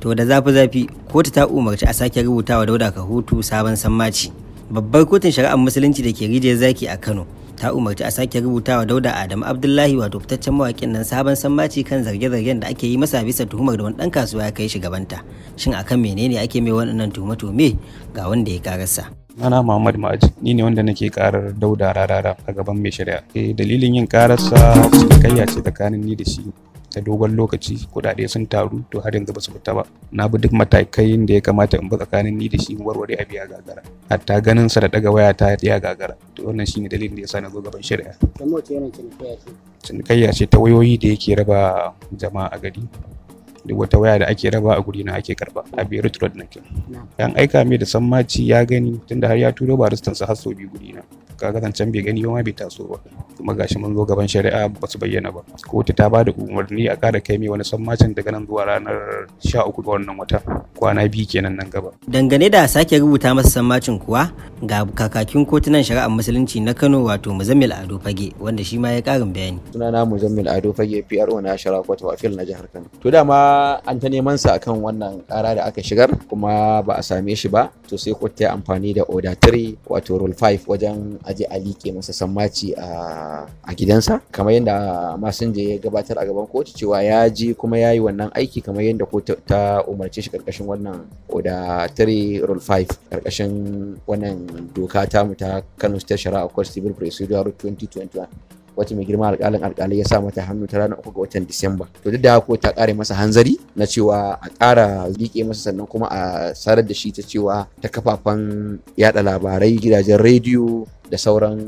to da zafi-zafi kotu ta umarci a sake rubutawa dauda ka hutu sabon sammaci babbar kotun shari'ar musulunci da ke rijiyar zaki a kano ta umarci a sake rubutawa dauda adamu abdullahi wato fitaccen mawakin nan sabon sammaci kan zarge-zargen da ake yi masa bisa tuhumar da wani dan kasuwa ya kai shi gabanta shin akan menene ake mai waɗannan tuhume-tuhume ga wanda ya karasa Ana Muhammad Ma'aji ni ne wanda nake karar Dauda Rarara a gaban mai shari'a. Eh, dalilin yin kararsa cikin kayya ce tsakanin ni da shi. da dogon lokaci kuɗaɗe sun taru to har yanzu ba su fita ba na bi duk matakai da ya kamata in ba tsakanin ni da shi warware abi ya gagara hatta ganin sa da daga waya ta ya gagara to wannan shine dalilin da yasa na zo gaban shari'a cinikayya ce ta wayoyi da yake raba jama'a a gari duk wata waya da ake raba a guri na ake karba a Beirut Road nake yan aika mai da sammaci ya gani tunda har ya turo baristan sa har sau biyu guri na kaga zancen bai gani ba bai taso ba kuma gashi mun zo gaban shari'a ba su bayyana ba kotu ta ba da umarni a kara kai mai wani sammacin daga nan zuwa ranar 13 ga wannan wata kwana biyu kenan nan gaba dangane da sake rubuta masa sammacin kuwa ga kakakin kotunan shari'ar musulunci na Kano wato Muzammil Ado Fage wanda shi ma ya karin bayani sunana Muzammil Ado Fage PRO na shari'a Kwato na jihar Kano to dama an ta neman sa akan wannan kara da aka shigar kuma ba a same shi ba to sai kotu ta amfani da order 3 wato rule 5 wajen aje je a liƙe masa sammaci a gidansa kamar yadda masinja ya gabatar a gaban kotu cewa ya je kuma ya yi wannan aiki kamar yadda kotu ta umarce shi karkashin wannan oda 3 rule 5 karkashin wannan doka ta mutu ta kano state shari'a court civil procedure 2021 Wata mai girma alƙalin alƙalai ya sa mata hannu ta ranar uku ga watan disamba to duk da haka ta ƙare masa hanzari na cewa a ƙara liƙe masa sannan kuma a sarar da shi ta cewa ta kafafen yaɗa labarai gidajen rediyo da sauran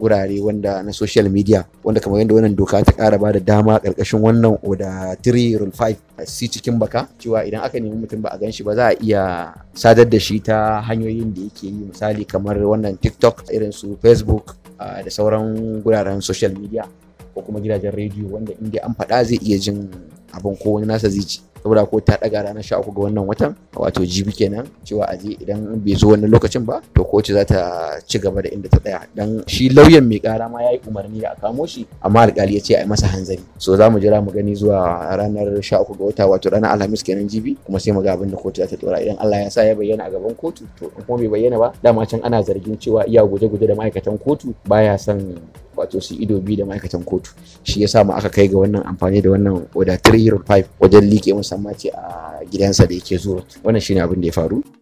gurare wanda na social media wanda kamar yadda wannan doka ta ƙara ba da dama ƙarƙashin wannan oda 3 rule 5 si cikin baka cewa idan aka nemi mutum ba a gan shi ba za a iya sadar da shi ta hanyoyin da yake yi misali kamar wannan tiktok irin su facebook da sauran guraren social media ko kuma gidajen rediyo wanda in dai an faɗa zai iya jin abin ko wani nasa zai ci saboda ko ta daga ranar sha uku ga wannan watan wato jibi kenan cewa a je idan bai zo wannan lokacin ba to kotu za ta ci gaba da inda ta tsaya dan shi lauyan mai kara ma ya yi umarni da a kamo shi amma alƙali ya ce a yi masa hanzari so za mu jira mu gani zuwa ranar sha uku ga wata wato ranar alhamis kenan jibi kuma sai mu ga abin da kotu za ta dora idan Allah ya sa ya bayyana a gaban kotu to kuma bai bayyana ba dama can ana zargin cewa iya guje-guje da ma'aikatan kotu baya son wato su ido biyu da ma'aikatan kotu shi ya ma aka kai ga wannan amfani da wannan oda 305 wajen liƙe musamman ce a gidansa da yake zuwa wannan shine abin da ya faru